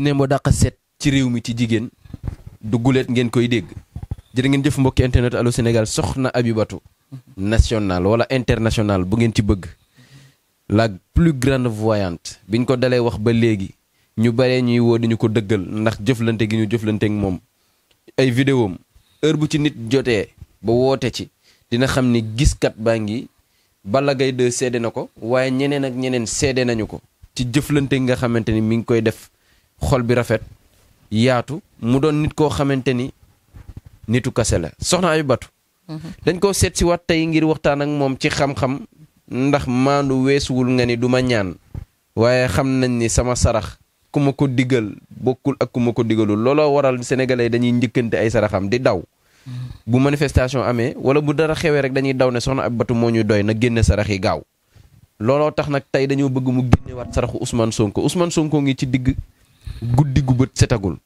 buñ ne moo dàq set ci réew mi ci jigéen du guleet ngeen koy dégg jërë ngeen jëf mbokki internet Allô Sénégal soxna Abibatou national wala international bu ngeen ci bëgg la plus grande bi biñ ko dalee wax ba léegi ñu baree ñuy woo diñu ko dëggal ndax jëflante gi ñu jëflante moom ay vidéom heure bu ci nit jotee ba woote ci dina xam ni giskat baa ngi Balla Gaye 2 na ko waaye ñeneen ak ñeneen sedde nañu ko ci jëflante nga xamante ni mi ngi koy def xol bi rafet yaatu mu doon nit koo xamante ni nitu kase la soxna Aïba Batu mhm. dañ koo seet waat tey ngir waxtaan ak moom ci xam-xam ndax maandu weesuwul nga ni du ma ñaan waaye xam nañ ni sama sarax ku ma ko diggal bokkul ak ku ma ko digalu looloo waral sénégalais dañuy njëkkante ay saraxam di daw mhm. bu manifestation amee wala bu dara xewee rek dañuy daw ne soxna ab batu moo ñu doy na génne sarax yi gaaw looloo tax nag tey dañoo bëgg mu génnewaat saraxu Ousmane Sonko Ousmane Sonko ngi ci digg guddi gu bët setagul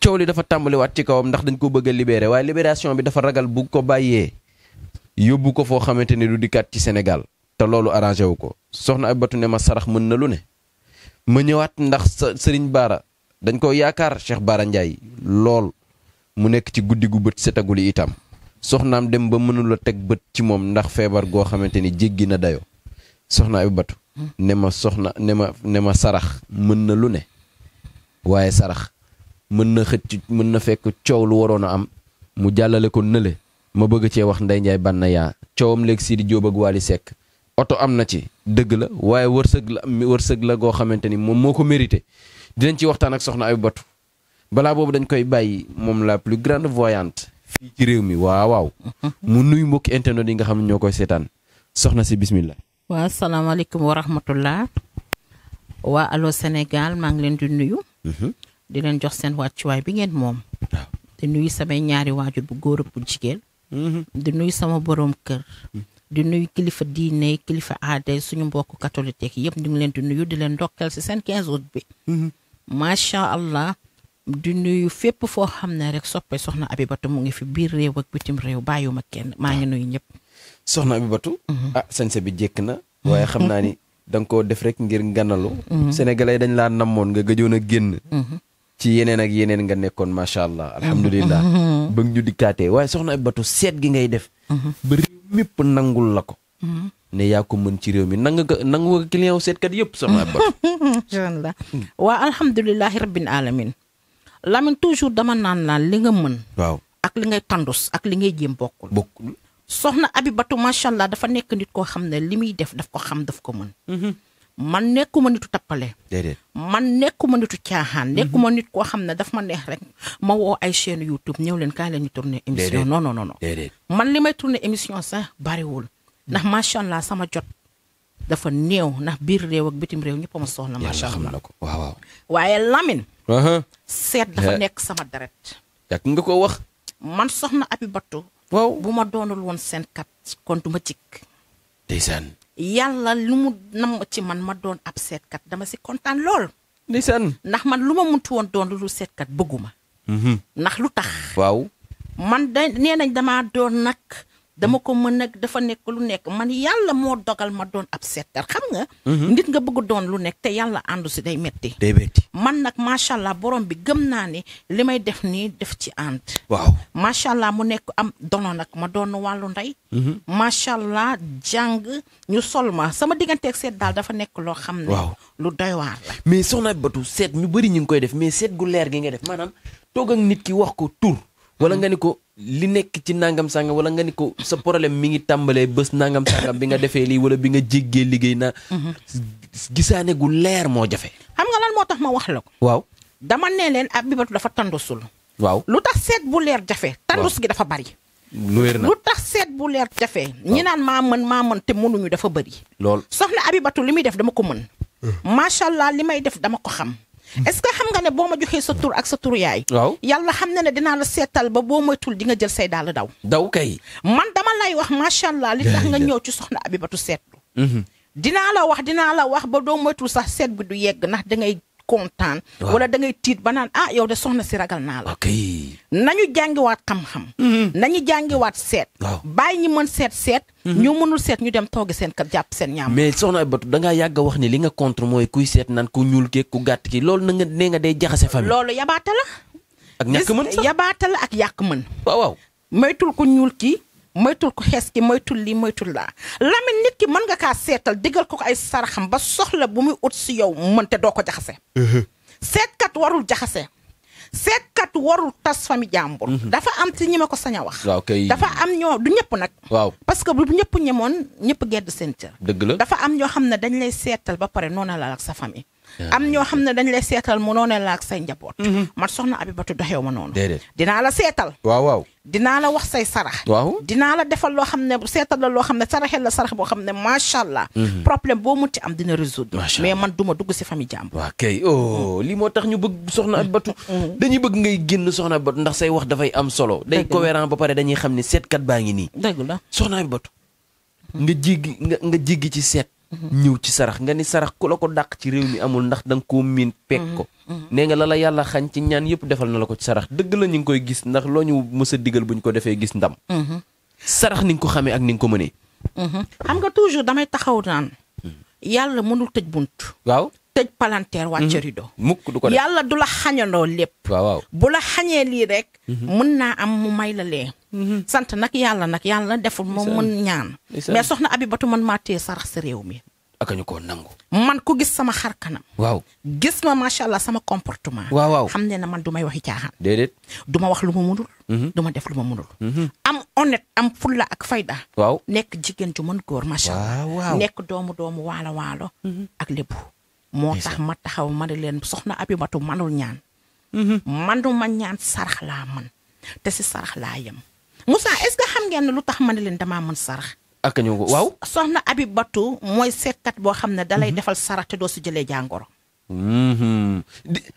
coow li dafa tàmbaliwaat ci kawam ndax dañ ko bëgg a libéré waaye libération bi dafa ragal bu ko bàyyee yóbbu ko foo xamante ne du dikkaat ci Sénégal te loolu arrangé wu ko soxna Abbatu ne ma sarax mën na lu ne ma ñëwaat ndax sëriñ Baara dañ ko yaakaar Cheikh Baara Ndiaye lool mu nekk ci guddi gu bët setagul yi itam soxnaam dem ba mënula teg bët ci moom ndax feebar goo xamante ni jéggi na dayoo soxna Abbatu ne ma soxna ne ma sarax mën na lu ne. waaye sarax mën na xëcc mën na fekk coow lu waroon a am mu jàllale ko nële ma bëgg cee wax Ndeye Ndiaye banna yaa coowam léegi Sidi Diop ak Wally Seck oto am na ci dëgg la waaye wërsëg la wërsëg la goo xamante ni moom moo ko mérité dinañ ci waxtaan ak soxna ay batu balaa boobu dañ koy bàyyi moom la plus grande voyante fii ci réew mi waaw waaw mu nuyu mbokk internet yi nga xam ne ñoo koy seetaan soxna si bismillah. waaw salaamaaleykum wa rahmatullah waa Allô Sénégal maa ngi leen di nuyu. Mhm. di leen jox seen wàccuwaay bi ngeen moom. di nuyu samay ñaari waajur bu góor bu jigéen. Mhm. di nuyu sama boroom kër. Mhm. di nuyu kilifa diine kilifa aaday suñu mbokku catholique yëpp ñu ngi leen di nuyu di leen ndokkeel si seen quinze août bi. macha allah. di nuyu fépp foo xam ne rek soppe soxna Abibatu mu ngi fi biir réew ak bitim réew bàyyiwuma kenn maa ngi ah. nuyu ñëpp. soxna Abibatu. ah sañse bi jékk na. waaye xam naa ni. da nga koo def rek ngir nganalu. Mhm. sénégalais dañ laa namoon nga gëjoon a génn. Mhm. ci yeneen ak yeneen nga nekkoon macha allah mhm. alhamdulilah. ba ñu dikkaatee waaye soxna Abibatou seet gi ngay def. ba réew mépp nangul la ko. ne yaa ko mën ci réew mi nangu ko nangu ko client wu seetkat yëpp soxna Abibatou. incha waa alhamdulilah rabbil alamin Lamine toujours dama naan naan li nga mën. waaw ak li ngay tandus ak li ngay jéem bokkul soxna Abibatu macha allah dafa nekk nit koo xam ne li muy def daf ko xam daf ko mën. Mhm. man nekkuma nitu tappale. déedéet man nekkuma nitu caaxaan. Mhm. nekkuma nit koo xam ne dafa ma neex rek ma woo ay chaîne ñëw leen kaa ñu tourné émission. non non non man li may tourné émission sax bariwul. Mhm. ndax macha allah sama jot dafa néew ndax biir réew ak bitim réew ñëpp ma soxla. macha allah xam na ko waaw waaye Lamine. Uh-huh. seet dafa eh. nekk sama deret. yàgg nga ko wax. man soxna Abibatu. waaw bu ma doonul woon seen kat kon du ma jikk ndeysaan yàlla lu mu nam ci man ma doon ab seetkat dama si kontaan lool ndeysaan ndax man lu ma muntu woon doon lu seetkat bëgguma mhm. ndax lu tax waaw man da nee nañ damaa doon nag dama ko mën nag dafa nekk lu nekk man yàlla moo dogal ma doon ab seetar xam nga. Mhm. nit nga bëgg doon lu nekk te yàlla àndu si day metti day metti man nag macha allah borom bi gëm naa ni li may def ni def ci ànd. waaw macha allah mu nekk am dono nag ma doon wàllu ndey. Mhm. macha allah jàng ñu sol ma sama digganteeg seet daal dafa nekk loo xam ne. waaw lu doy waar la. mais soxna Batu seet ñu bëri ñu ngi koy def mais seet gu leer gi nga def maanaam toog ak nit ki wax ko tur. li nekk ci nangam sàngam wala nga ni ko sa problème mi ngi tàmbalee bés nangam sàngam bi nga defee lii wala bi nga jéggee liggéey na gisaane gu leer moo jafe. xam nga lan moo tax ma wax la ko. waaw dama nee leen ab ah, bibatu dafa tandusul. waaw lu tax seet bu leer jafe. tandus gi dafa bari. lu na tax seet bu leer jafe. ñi naan maa mën maa mën te mënuñu dafa bari. lool soxna Abibatu li muy def dama ko mën. macha allah li may def dama ko xam. est-ce que xam nga ne boo ma joxee sa tur ak sa tur yaay. yalla yàlla xam na ne dinaa la seetal ba boo moytul di nga jël say daal daw. daw kay. man dama lay wax macha allah li tax nga ñëw ci soxna Abibatu seetlu. Mhm. dinaa la wax dinaa la wax ba doo moytul sax seet bi du yegg ndax dangay kontaan. wala da ngay tiit ba naan ah yow de soxna si ragal naa la. na ñu jàngiwaat xam-xam. Mm-hmm. nañu jàngiwaat seet. bàyyi ñi mën seet seet. Mm-hmm. ñu mënul seet ñu dem toogi seen kat jàpp seen ñaam. mais soxna Aïbatou da ngaa yàgg a wax ni li nga contre mooy kuy seet nan ku ñuul kee ku gàtt ki loolu na nga nee nga day jaxase famille. loolu yabaata la. ak ñàkk mën sax yabaata la ak yàq mën. waaw waaw moytul ku ñuul kii moytul ko xees ki moytul lii moytul laa Lamine nit ki mën nga kaa seetal digal ko ay saraxam ba soxla bu muy ut si yow mën te doo ko jaxase. seetkat warul jaxase. seetkat warul tas fami jàmbur. dafa am ci ñi ma ko sañ a wax. waaw kay dafa am ñoo du ñëpp nag. waaw parce que bu ñëpp ñemoon ñëpp gedd seen cër. dëgg la dafa am ñoo xam ne dañ lay seetal ba pare noonu la ak sa famille. am ñoo xam ne dañ lay seetal mënoo ne laak say njaboot. Mm-hmm. man soxna Abibatu doxew ma noonu. déedéet dinaa la seetal. waaw waaw la wax say sarax. waaw dinaa la defal loo xam ne seetal la loo xam ne saraxel la sarax boo xam ne macha allah. Mm-hmm. problème boo mu munti am dina résoudre. mais man duma dugg si famille jàmbur. waaw kay oh mm-hmm. lii moo tax ñu bëgg soxna Abibatu. dañuy bëgg ngay génn soxna Abibatu ndax say wax dafay am solo. day cohérent ba pare dañuy xam ne seetkat baa ngi nii. dëgg la soxna Abibatu. nga jéggi nga nga jéggi ci seet ñëw ci sarax nga ni sarax ku la ko dàq ci réew mi amul ndax da nga koo miin peeg ko nee nga la la yàlla xañ ci ñaan yëpp defal na la ko ci sarax dëgg la ñu ngi koy gis ndax loo ñu mës a digal buñ ko defee gis ndam sarax ni nga ko xamee ak ni ko mënee xam nga toujours damay taxaw naan yàlla mënul tëj bunt tëj palanteer wàcc mhm. rido mukk du ko yàlla du la xañandoo lépp waaw bu la xañee lii rek mhm. mën naa am mu may la lee mhm. sant nag yàlla nag yàlla deful ma mën ñaan mais soxna Abibatu man maa téye sarax si réew mi ak ñu ko nangu. man ku gis sama xar kanam. waaw gis ma macha allah sama comportement. waaw waaw xam ne na man du may waxi caaxaan. déedéet du ma wax lu ma mënul. du ma def lu ma mënul. am honnête am fulla ak fayda. nekk jigéen ju mën góor macha allah. nekk doomu doomu waalo waalo. ak lébu. moo tax ma taxaw ma ne leen soxna Abibatu manul ñaan. Mm-hmm. manuma ñaan sarax laa man te si sarax laa yem. Moussa est xam ngeen ne lu tax ma ne leen damaa mën sarax. ak ñëw waaw. soxna Abibatu mooy seetkat boo xam ne dalay mm-hmm. defal sarax te doo si jëlee jàngoro. Mm-hmm.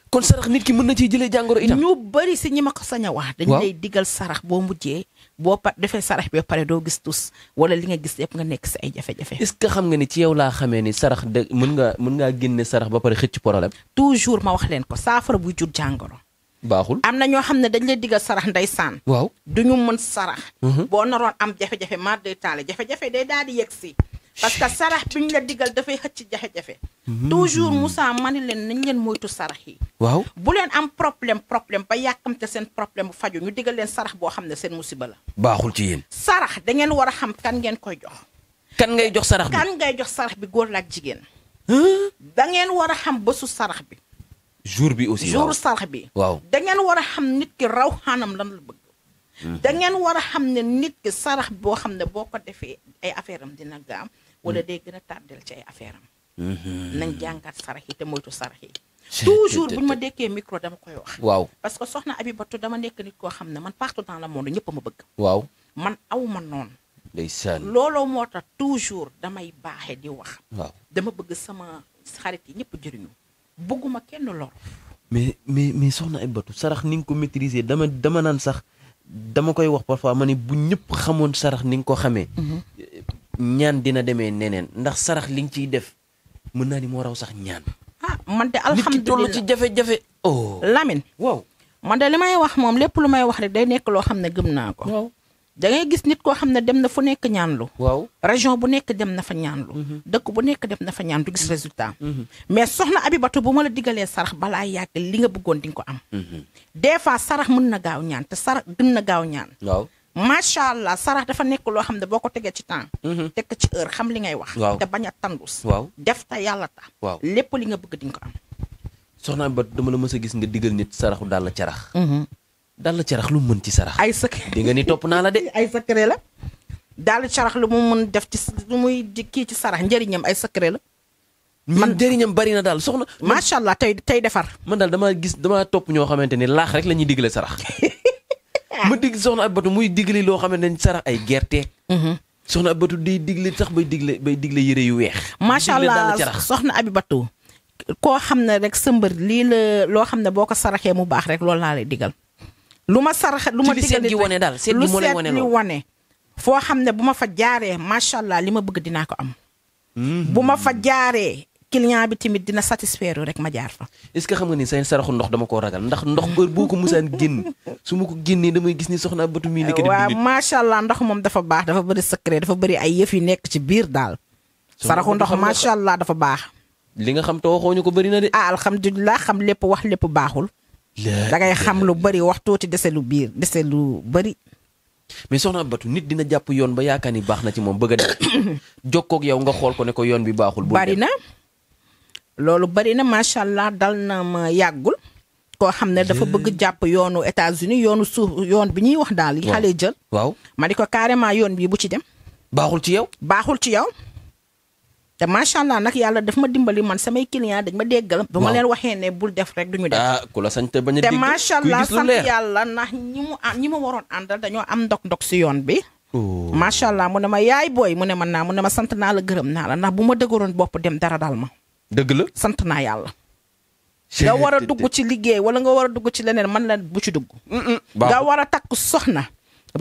kon sarax nit ki mën na ciy jëlee jàngoro itam. ñu bari si ñi ma ko sañ wax. dañu lay digal sarax boo mujjee boo pa defee sarax bi pare doo gis tus wala li nga gis yëpp nga nekk si ay jafe-jafe. est-ce que xam nga ni ci yow laa xamee ni sarax de mën nga mën ngaa génne sarax ba pare xëcc problème. toujours ma wax leen ko saafara buy jur jàngoro. baaxul am na ñoo xam ne dañ lay digal sarax saan waaw du ñu mën sarax. Mhm. boo naroon am jafe-jafe maa day taale jafe-jafe day daal di yëg si. parce que sarax biñ la digal dafay xëcc jafe-jafe. Mhm. toujours Moussa mani leen nañ leen moytu sarax yi. waaw bu leen am problème problème ba yàkkamte seen problème bu faju ñu digal leen sarax boo xam ne seen musiba la. baaxul ci yéen. sarax da ngeen war a xam kan ngeen koy jox. kan ngay jox sarax bi kan ngay jox sarax bi góor la ak jigéen. da ngeen war a xam bésu sarax bi. jour bi aussi jour sarax bi. waaw da ngeen war a xam nit ki raw xaanam lan la bëgg. Mhm. da ngeen war a xam ne nit ki sarax boo xam ne boo ko defee ay affaire am dina gaam wala mm. day gën a tardel ci ay affaire am mm-hmm. nañ jàngat sarax yi te moytu sarax yi toujours bu ñu ma dekkee micro dama koy wax parce que soxna Abibatu dama nekk nit koo xam ne man partout dans le monde ñëpp ma bëgg waaw man aw ma noonu looloo moo tax toujours damay baaxe di wax waaw dama bëgg sama xarit yi ñëpp jëriñu bëgguma kenn lor mais mais mais soxna Abibatu sarax ni nga ko maîtriser dama dama naan sax dama koy wax parfois ma ne bu ñëpp xamoon sarax ni nga ko xamee mm-hmm. ñaan dina demee neneen ndax sarax li nga ciy def mën naa ni moo raw sax ñaan. ah man de alhamdulilah ci jafe-jafe. oh Lamine. man de li may wax moom lépp lu may wax rek day nekk loo xam ne gëm naa ko. waaw da ngay gis nit koo xam ne dem na fu nekk ñaanlu. waaw région bu nekk dem na fa ñaanlu. Mm-hmm. dëkk bu nekk dem na fa ñaanlu gis résultat mm-hmm. mais soxna Abibatu bu ma la digalee sarax balaa yàgg li nga bëggoon di nga ko am. Mm-hmm. des fois sarax mën na gaaw ñaan te sarax gën na gaaw ñaan. waaw macha allah sarax dafa nekk loo xam ne boo ko tegee ci temps. Mhm. teg ci heure xam li ngay wax. te bañ a tandus. waaw def te yàlla tax. waaw lépp li nga bëgg di nga ko am. soxna ba dama la mës a gis nga digal nit saraxu daal la carax. Mhm. daal la carax lu mu mën ci sarax. ay secret di nga ni topp naa la de. ay secret la. daal carax lu mu mën def ci lu muy kii ci sarax njëriñam ay secret la. man njëriñam bari na daal soxna. macha allah tey tey defar. man daal damaa gis damaa topp ñoo xamante ni laax rek la ñuy digle sarax. Ah. ma digg soxna Abbatu muy digle loo xam ne dañ sarax ay gerte. Mm-hmm. soxna Abbatu day digle sax bay digle bay digle yëre yu weex. macha allah soxna Abibatu koo xam ne rek mbër lii la loo xam ne boo ko saraxee mu baax rek loolu laa lay digal. lu ma sarax lu ma digal li wane daal seet li wane foo xam ne bu ma fa jaaree macha allah li ma bëgg dinaa ko am. Mm-hmm. bu ma fa jaaree client bi tamit dina satisfaire rek ma jaar fa. est xam nga ni seen saraxu ndox dama koo ragal ndax ndox heure boo ko musaan génn su ma ko génnee damay gis ni soxna batu mii nekk. waaw macha allah moom dafa baax dafa bëri secret dafa bëri ay yëf yu nekk ci biir daal. saraxu ndox macha allah dafa baax. li nga xam te waxoo ñu ko bari na de. ah alhamdulilah xam lépp wax lépp baaxul. dangay xam lu bari wax tuuti dese lu biir dese lu bari mais soxna Batu nit dina jàpp yoon ba yaakaar ni baax na ci moom bëgg a def jokkoog yow nga xool ko ne ko yoon bi baaxul. bari na loolu bari na macha allah dal na ma yàggul. koo xam ne dafa bëgg jàpp yoonu États-Unis yoonu suuf yoon bi ñuy wax daal. yi xale jël. waaw ma di ko carrément yoon bi bu ci dem. baaxul ci yow. baaxul ci yow. te macha allah nag yàlla daf ma dimbali man samay client dañ ma déggal. ba ma leen waxee ne bul def rek duñu def. ah ku la sañ te bañ macha allah sant yàlla ndax ñi mu am ah, ñi ma waroon àndal dañoo am ndog-ndog si yoon bi. Oh. macha allah mu ne ma yaay booy mu ne ma naa mu ne ma sant naa la gërëm naa la ndax bu ma dëgëroon bopp dem dara daal ma. dëgg la sant naa yàlla. nga war a dugg ci liggéey wala nga war a dugg ci leneen man la bu ci dugg. nga war a takk soxna.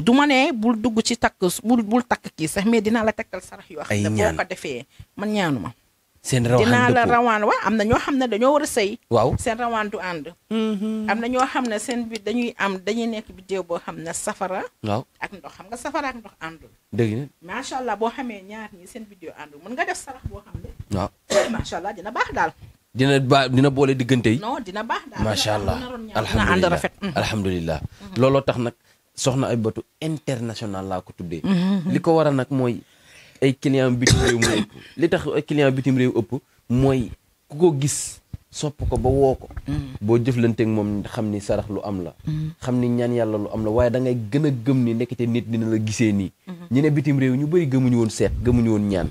du ma ne bul dugg ci takk bul bul takk kii sax mais dinaa la takkal sarax yoo xam ne defee man ñaanu ma. seen rawaan dinaa la am na ñoo xam ne dañoo war a sëy. waaw seen rawaan du ànd. Mm-hmm. am na ñoo xam ne seen bi dañuy am dañuy nekk biddéew boo xam ne safara. waaw ak ndox xam nga safara ndox àndul. dëgg macha allah boo xamee ñaar ñi seen biddéew àndul mën nga def sarax boo xam ne. dina baax daal. dina ba dina boole diggante yi. non dina baax daal macha allah alhamdulilah ànd rafet. Mm-hmm. alhamdulilah mm-hmm. looloo tax nag soxna Abibatou international laa ko tuddee. li ko waral nag mooy. ay client bitim réew mu ëpp li tax ay client bitim réew ëpp mooy ku ko gis sopp ko ba woo ko mm-hmm. boo jëflanteeg moom xam ni sarax lu am la mm-hmm. xam ni ñaan yàlla lu am la waaye da ngay gën a gëm ni nekkete nit dina la gisee nii mm-hmm. ñu ne bitim réew ñu bëri gëmuñu woon seet gëmuñu woon ñaan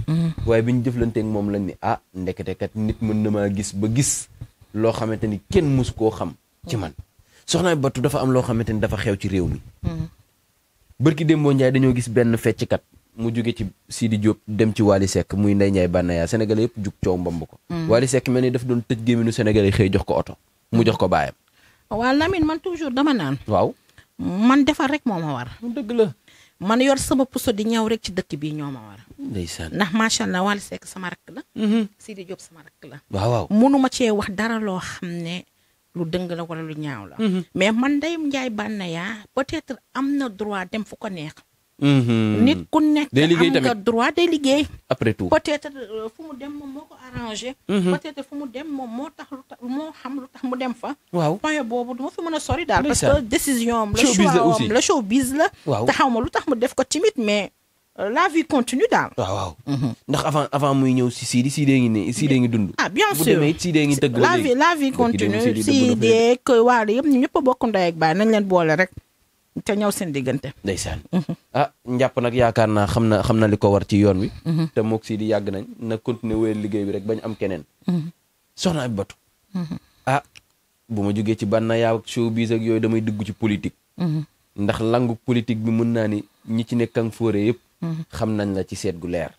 waaye bi ñu jëflanteeg moom lañ ni ah ndekete nit mën na maa gis ba gis loo xamante ni kenn mus koo xam ci man soxna Batou dafa am loo xamante ni dafa xew ci réew mi bërki démboo dañoo gis benn fecckat mu jóge ci di Diop dem ci Wally Seck muy Ndeye Ndiaye Banaya sénégalais yëpp jug coow mbamb ko. Mm. Wally Seck mel ni daf doon tëj gémminu sénégalais xëy jox ko oto mu mm. jox ko baayam. waaw Lamine man toujours dama naan. waaw man defar rek moo ma war. dëgg la. man yor sama puso di ñaw rek ci dëkk bii ñoo ma war. ndeysaan ndax macha allah Wally Seck sama rakk la. Mm-hmm. Sidi Diop sama rakk la. waaw waaw mënu ma cee wax dara loo xam ne lu dëng la wala lu ñaaw la. Mm-hmm. mais man Ndeye Ndiaye Banaya peut-être am na droit dem fu ko neex. Mm-hmm. nit ku nekk am nga droit day liggéey après tout peut-être euh, fu mu dem moom moo ko arrangé mm-hmm. peut fu mu dem moom moo tax lu tax moo xam lu mu dem fa waaw point boobu du ma fi mën a sori daal parce que décision am la choix am la waaw taxaw ma lu tax mu def ko timide mais euh, la vie continue daal. waaw waaw. Mm-hmm. ndax avant avant muy ñëw si Sidi Sidi ngi dund. ah bien sûr bu la vie la vie continue Sidi ak Wally yëpp ñëpp a bokk ndey ak baay nañ leen boole rek. te ñaw seen diggante. ndeysaan. Mhm. ah njàpp nag yaakaar naa xam na xam na li ko war ci yoon wi. Mhm. te moog sii di yàgg nañ na continuer wéyal liggéey bi rek bañ am keneen. Mhm. soxna ab batu. Ah, bu ma jógee ci bànn yaa ak showbiz ak yooyu damay dugg ci politique. ndax langu politique bi mën naa ni ñi ci nekk kang fóore yëpp. xam nañ la ci seet gu leer.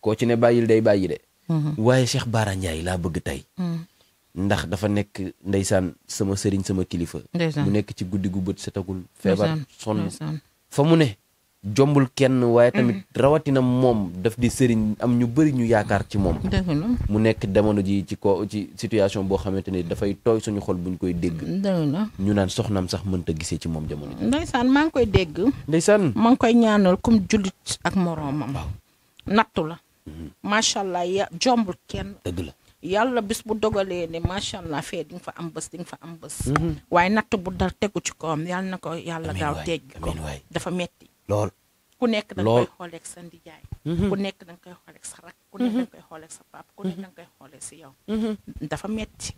koo ci ne bàyyil day bàyyi de. waaye Cheikh Bara Ndiaye laa bëgg tey. ndax dafa nekk ndeysaan sama sëriñ sama kilifa. mu nekk ci guddi gu bët setagul. feebar sonn fa mu ne. jombul kenn waaye mhm. tamit rawatina moom daf di sëriñ am ñu bëri ñu yaakaar ci moom. mu nekk demono ji ci ko ci situation boo xamante ni dafay tooy suñu xol ñu koy dégg. ñu naan soxnaam sax mënta gisee ci moom jamono ji. ndeysaan maa ngi koy dégg. ndeysaan maa ngi koy ñaanal comme jullit ak moroomam. nattu la. Mhm. macha allah ya jombul kenn. dëgg yàlla bis bu dogalee ne macha allah fee di nga fa am bés di nga fa am bés. Mhm. waaye natt bu dal tegu ci kawam yàlla na ko yàlla gaaw teej dafa metti lool ku nekk da nga koy xoolee ak sa ndijaay. Mhm. ku nekk da koy xoolee ak sa rak. ku nekk mhm. da koy xoolee sa pap ku nekk da koy xoolee si yow. dafa metti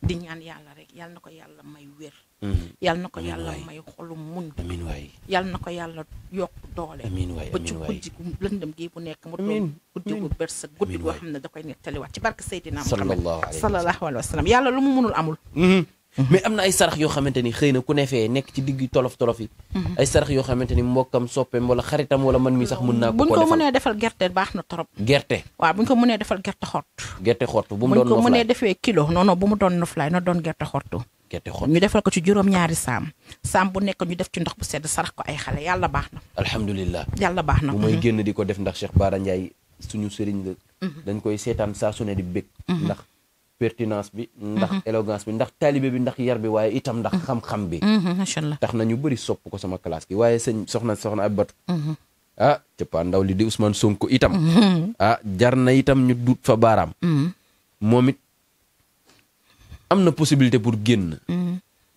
di ñaan yàlla rek yal na ko yàlla may wér. Mm-hmm. yal na ko yàlla may xolu muñ. amiin waay yal na ko yàlla yokk doole. amiin waay ba ci guddi gu lëndëm gi bu nekk. mu doon guddi gu bersa guddi goo xam ne da koy nettaliwaat ci barke Seydina Muhammad sallallahu alayhi wa sallam yàlla lu mu mënul amul. Mm-hmm. mais am na ay sarax yoo xamante ni xëy na ku ne fee nekk ci digg tolof tolof yi. Mhm. ay sarax yoo xamante ni mbokkam soppeem wala xaritam wala man mi sax mën naa. ko defal buñ ko baax na trop. gerte waaw buñ ko mënee defal gerte xott. gerte xott bu mu doon noflaay buñ ko mënee defee kilo non non bu mu doon noflaay na doon gerte xottu. gerte xott ko ci juróom-ñaari saam. saam bu nekk def ci ndox bu sedd sarax ko ay xale yàlla baax na. alhamdulilah yàlla baax na. bu may mhm. di ko def ndax Cheikh Bara Ndiaye suñu sëriñ la. Mhm. dañ koy seetaan saa su ne di bég ndax pertinence bi ndax mhm. élégance bi ndax taalibe bi ndax yar bi waaye itam ndax mhm. xam-xam bi mhm, macha tax na ñu bëri sopp ko sama classe gi waaye sëñ soxna soxna ab batu ah cëppaa ndaw li di Ousmane Sonko itam ah jar na itam ñu duut fa baaraam moom it am na possibilité pour génn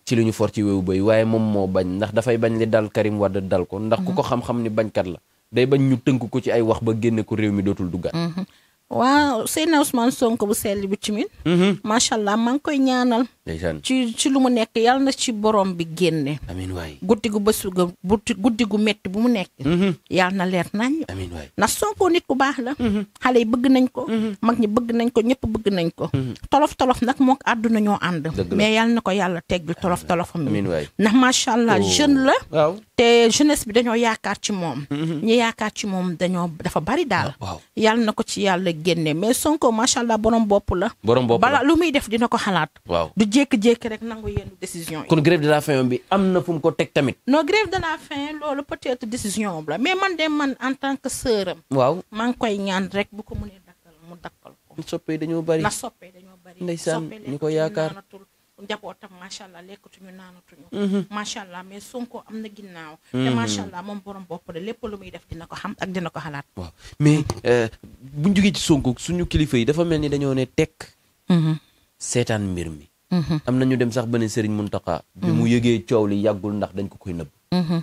ci li ñu for ci wéewu bay waaye moom moo bañ ndax dafay bañ li dal Karim Wade dal ko ndax ku ko xam-xam ni bañkat la day bañ ñu tënk ko ci ay wax ba génne ko réew mi dootul duggaat waaw Seydina Ousmane Sonko bu sell bi tamit. Mhm. macha allah maa ngi koy ñaanal. ci ci lu mu nekk yàlla na ci borom bi génne. amiin waay guddi gu bës ga guddi gu métti bu mu nekk. Mhm. yàlla na leer nañ. amiin waay ndax Sonko nit ku baax la. Mhm. xale yi bëgg nañ ko. Mhm. mag ñi bëgg nañ ko ñëpp bëgg nañ ko. tolof tolof nag moo àdduna ñoo ànd. mais yàlla na ko yàlla teggil tolof tolof. amiin waay ndax macha allah oh. jeune la. te jeunesse bi dañoo yaakaar ci moom. ñi yaakaar ci moom dañoo dafa bari daal. yàlla na ko ci yàlla génne mais Sonko macha allah borom bopp la. borom bopp la balaa lu muy def dina ko xalaat. jékki-jékki rek nangu yenn décision yi. kon grève de la faim bi am na fu mu ko teg tamit. non grève de la faim loolu peut-être décision la mais man dem man en tant que sœuram. waaw maa ngi koy ñaan rek bu ko mënee dakkal mu dakkal ko. soppe dañoo bari na soppe dañoo bari. ndeysaan ñu ko yaakaar njabootam macha allah lekkatuñu naanatuñu. Mhm. macha mais Sonko am na ginnaaw. te mhm. macha allah moom borom bopp lépp lu muy def dina ko xam ak dina ko xalaat. waaw mais euh, bu ñu ci Sonko suñu kilifa yi dafa mel ni dañoo ne tekk. Mhm. seetaan mbir mi. Mm-hmm. am na ñu dem sax ba ne Serigne Mountakha. bi mu mm-hmm. yëgee coow li yàggul ndax dañ ko koy nëbb. Mm-hmm.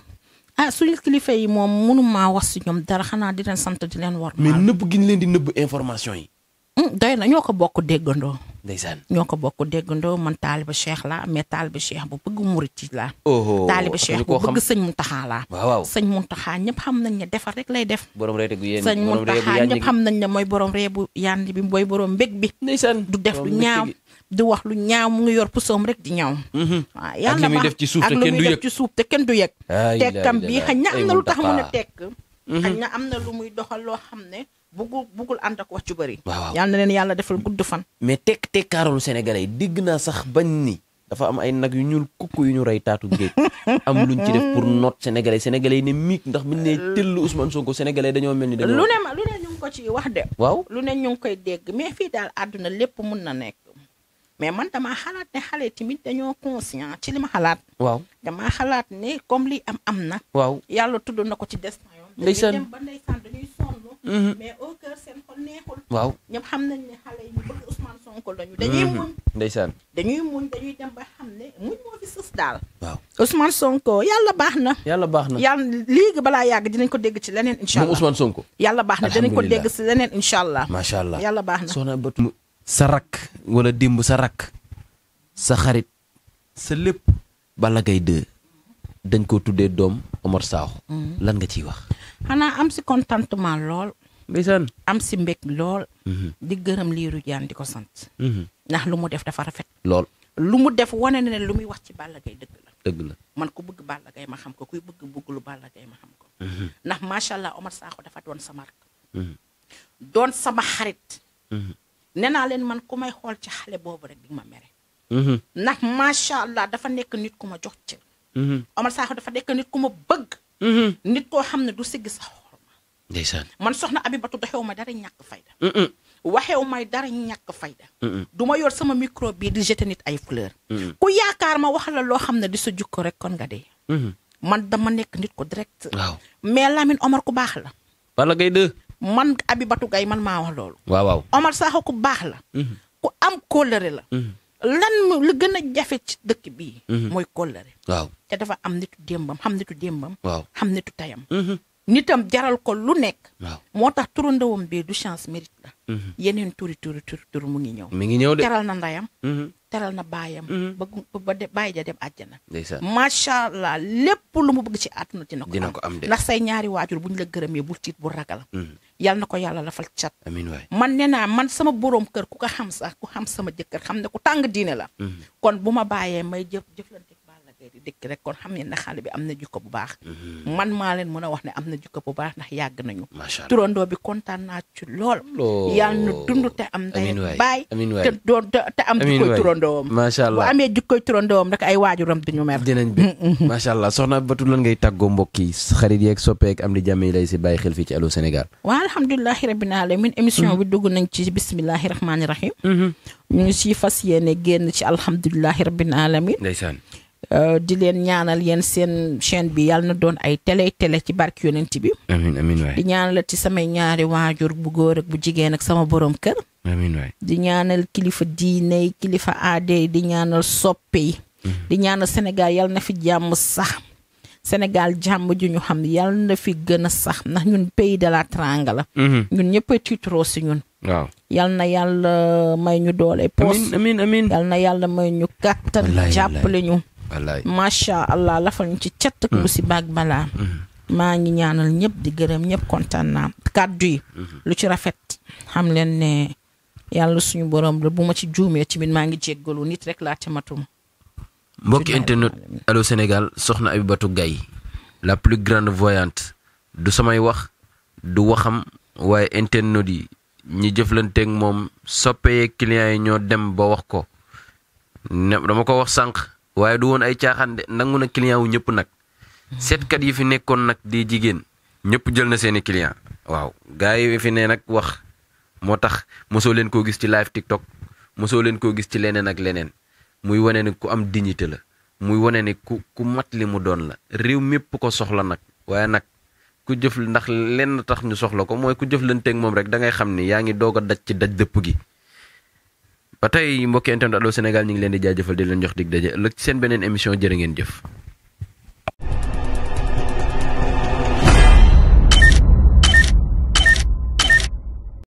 ah suñu kilifa yi moom mënumaa wax si ñoom dara xanaa di leen sant di leen war. mais nëbb gi ñu leen di nëbb information yi. Mm, doy na ñoo ko bokk déggandoo. ndeysaan ñoo ko bokk taaliba cheikh la mais taaliba cheikh bu bëgg murit la. taaliba cheikh bu bëgg sëñ Muntaxa la. waaw sëñ Muntaxa ñëpp xam nañ ne defar rek lay def. sëñ Muntaxa ñëpp xam nañ ne mooy borom ree bu yànd bi mooy borom mbég bi. ndeysaan du ñaaw di wax lu ñaaw mu ngi yor pusoom rek di ñaaw. Mhm. waaw yàlla ma ak lu muy def ci suuf te kenn du yëg suuf te du yëg. tekkam bi lu tax mu ne tekk. Mhm. xañ na am na lu muy doxal loo xam ne. bugul bugul ànd ak wax ci bëri. waaw yal na leen yàlla defal gudd fan. mais tekk tekkaaralu Sénégalais yi dégg naa sax bañ ni. dafa am ay nag yu ñuul kukku yu ñu rey taatu géej. am luñ ci def pour noot sénégalais sénégalais yi ne miig ndax bu ñu tëll Ousmane Sonko sénégalais dañoo mel ni. dañoo lu ne ma lu ne ñu ngi ko ci wax de. waaw lu ne ñu ngi koy dégg mais fii daal àdduna lépp mun na nekk. mais man damaa xalaat ne xale tamit dañoo conscient ci li ma xalaat. waaw damaa xalaat ne comme lii am am na. waaw yàlla tudd na ko ci des. ndeysaan dem ba ndeysaan dañuy sonn. Mhm. mais au seen xol neexul. waaw ñëpp xam nañ ne xale yi ñu bëgg Ousmane Sonko lañu. dañuy mhm. muñ ndeysaan dañuy xam ne muñ moo fi sës daal. waaw Ousmane Sonko yàlla baax na. yàlla baax na yàlla ci leneen incha allah moom baax na dinañ ko dégg ci leneen incha baax na soxna Batou sa rakk walla dimb sa rakk sa xarit sa lépp Balla Gaye 2 dañ koo tuddee doom Omar Sakho mm-hmm. lan nga ciy wax xanaa am si contentement lool ndeysaan am si mbég lool mm-hmm. di gërëm liiru jaan di ko sant mm-hmm. ndax lu mu def dafa rafet lool lu mu def wane ne lu muy wax ci Balla Gaye dëgg la dëgg la man ku bëgg Balla Gaye ma xam ko kuy bëgg bëgg lu Balla Gaye ma xam ko ndax macha allah Omar Sakho dafa doon sama rak doon sama xarit nee naa leen man ku may xool ci xale boobu rek di ma mere. Mm-hmm. ndax macha allah dafa nekk nit ku ma jox ci. Mm-hmm. Omar Sakho dafa nekk nit ku ma bëgg. Mm-hmm. nit koo xam ne du sigg sa xorma. ndeysaan man soxna Abibatu doxewu ma dara ñàkk fayda. waxewu may dara ñàkk fayda. du ma yor sama micro bii di jeter nit ay fleur. ku yaakaar ma wax la loo xam ne di sa jukko rek kon nga dee. man dama nekk nit ko direct. waaw mais Lamine Omar ku baax la. man abi Gaye man maa wax loolu. waaw waaw Omar Sakho ku baax la. Mhm. ku am kóllëre la. Mhm. lan mu lu gën a jafe ci dëkk bii. Mhm. mooy kóllëre. waaw te dafa am nitu démbam xam nitu démbam. waaw xam nitu tayam. nitam jaral ko lu nekk. moo tax turandawam bee du chance mérite la. Mhm. yeneen turi turi turi tur mu ngi ñëw. mi ngi ñëw de teral na ndayam. Mhm. teral na baayam. Mhm. ba ba bàyyi ja dem àjjana. macha allah lépp lu mu bëgg ci àdduna dina ko am dina ko am de ndax say ñaari waajur bu ñu la gërëmee bul tiit bu ragal. yal na ko yàlla lafal cat. amiin waay man nee naa man sama borom kër ku ko xam sax ku xam sama jëkkër xam ne ku tàng diine la. kon bu ma bàyyee may jëf jëflante. affaire yi dikk rek kon xam ngeen ne xale bi am na jikko bu baax. Mhm. man maa leen mën a wax ne am na jikko bu baax ndax yàgg nañu. macha allah turandoo bi kontaan naa ci lool. yàlla na dund te am. amiin waay baay te doon te am. amiin jikkoy turandoom. macha allah bu amee jikkoy turandoom rek ay waajuram duñu mer. dinañ bi macha allah soxna Batou lan ngay tàggoo mbokk yi xarit yeeg soppeek am di jàmm yi lay si bàyyi xel fii ci Allô Sénégal. waaw alhamdulilahi rabbil alamin émission mhm. bi dugg nañ ci bismillahi rahmaani rahim. Mhm. ñu ngi siy fas yéene génn ci alhamdulilahi rabbil alamin ndeysaan Euh, di leen ñaanal yéen seen chaîne bi yàlla na doon ay télé télé ci barke yonent bi. amiin amiin waay di ñaanal ci samay ñaari waajur bu góor bu jigéen ak sama boroom kër. di ñaanal kilifa diine kilifa aade di ñaanal soppe yi. Mm-hmm. di ñaanal Sénégal yàlla na fi jàmm sax. senegal jàmm ju ñu xam yàlla na fi gën a sax ndax ñun pays de la la. Mm-hmm. ñun ñëpp a tiitroo ñun. yal na yàlla may ñu doole. amiin yal na yàlla may ñu kàttan jàppale ñu. wallaay macha allah lafal ñu ci cat ak lu hmm. si baag balaa. Hmm. maa ngi ñaanal ñëpp di gërëm ñëpp kontaan naa kàddu yi. Hmm. lu ci rafet xam leen ne yàlla suñu borom la bu ma ci juumee tamit maa ngi jéggalu nit rek laa ca matum. mbokki internet Allô Sénégal soxna Abibatou Gaye la plus grande voyante du samay wax du waxam waaye internet yi ñi jëflanteeg moom soppee clients yi ñoo dem ba wax ko ne dama ko wax sànq. waaye du woon ay caaxaan de nangu na client wu ñëpp nag seetkat yi fi nekkoon nag di jigéen ñëpp jël na seeni client waaw gars yi fi ne nag wax moo tax mosoo leen koo gis ci live TikTok mosoo leen koo gis ci leneen ak leneen muy wane ne ku am dignité la muy wane ne ku mat li mu doon la réew mépp ko soxla nag waaye nag ku jëf ndax lenn tax ñu soxla ko mooy ku jëflanteek moom rek da ngay xam ni yaa ngi doog a daj ci daj dëpp gi ba tey mbokki internet Allô Sénégal ñu ngi leen di jaajëfal di leen jox dig daje ëllëg ci seen beneen émission jërë ngeen jëf.